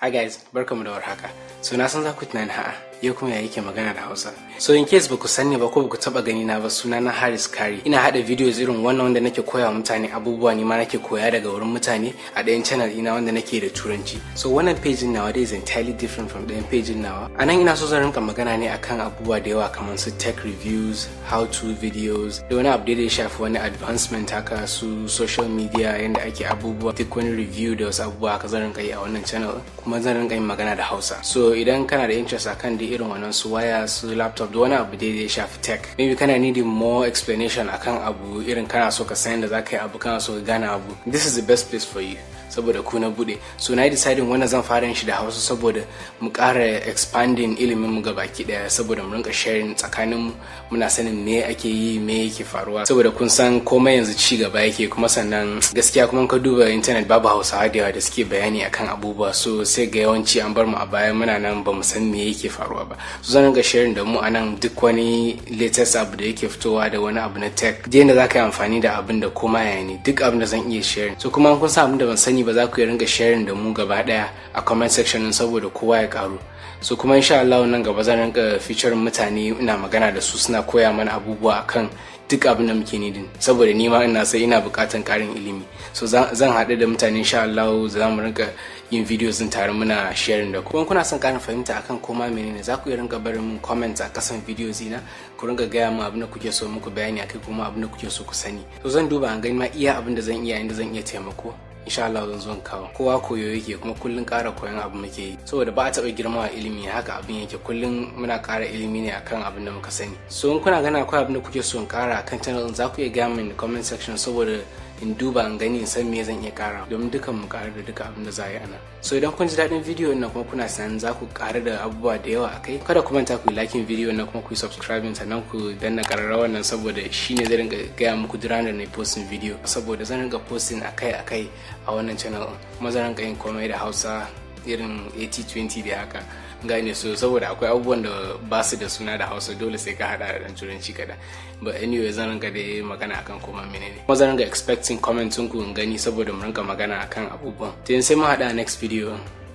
Hi guys, barkamu da warhaka. Suna san za ku tunani ha'a. ya kuma ya yake magana da hausa so in case ba ku sani ba ko ba ku taba gani na ba suna na Haris Kari ina hada videos irin wannan wanda nake koya mutane abubuwa ne ma nake koya daga wurin mutane a ɗayan channel ina wanda nake da turanci so wannan page nawa dai is entirely different from ɗayan page nawa anan ina so zan rinka magana ne akan abubuwa da yawa kamar su tech reviews how to videos da wani update da ya shafi wani advancement haka su social media yanda ake abubuwa duk wani review da wasu abubuwa haka zan rinka yi a wannan channel kuma zan rinka yin magana da Hausa so idan kana da interest akan irin wannan su waya su laptop da wani abu dai ya shafi tech maybe kana needing more explanation akan abu irin kana so ka san da za ka yi abu kana so ka gane abu this is the best place for you saboda ku na bude so na yi deciding wannan zan fara shi da hausa saboda mu kara expanding ilimin mu gabaki daya saboda mu rinka sharing tsakanin mu muna sanin me ake yi me yake faruwa saboda kun san komai yanzu ci gaba yake kuma sannan gaskiya kuma ka duba internet babu hausa da yawa da suke bayani akan abubuwa so sai ga yawanci an bar mu a baya muna nan ba mu san me yake faruwa ba so zan rinka sharing da mu anan duk wani latest abu da yake fitowa da wani abu na tech da za ka yi amfani da abin da koma duk abin da zan iya sharing so kuma kun san abin da ban sani sani ba za ku ringa sharing da mu gaba daya a comment section din saboda kowa ya karu so kuma insha Allah nan gaba zan rinka feature mutane ina magana da su suna koya mana abubuwa akan duk abin da muke din saboda ni ma ina sai ina bukatan karin ilimi so zan haɗu da mutane insha Allah za mu rinka yin videos din tare muna sharing da ku kuma kuna son karin fahimta akan koma menene za ku iya rinka barin mu comments a kasan videos na ku rinka gaya mu abin da kuke so muku bayani akai kuma abin da kuke so ku sani so zan duba an gani ma iya abin da zan iya inda zan iya taimako insha Allah zan zo kawo kowa koyo yake kuma kullun ƙara koyon abu muke yi saboda ba a taɓa girma a ilimi haka abin yake kullun muna ƙara ilimi ne akan abin da muka sani so in kuna gana akwai abin da kuke so in ƙara kan channel za ku iya gaya min comment section saboda in duba in gani in san me zan iya kara domin dukan mu kara da duka abin da za a yi ana so idan kun ji daɗin bidiyo na kuma kuna sanin za ku kara da abubuwa da yawa a kai. kada ku manta ku yi lakin bidiyo na kuma ku yi subscribing sannan ku danna kararrawar nan saboda shi ne zai ringa gaya muku duk ranar na postin bidiyo saboda zan ringa postin akai akai a wannan channel kuma zan ringa yin komai da hausa irin 80-20 da haka gane su saboda akwai abubuwan da ba su da suna da hausa dole sai ka hada da turanci kaɗan but anyway zan rinka dai magana akan koma menene kuma zan rinka expecting comment ku gani saboda mu rinka magana akan abubuwan sai mun hada next video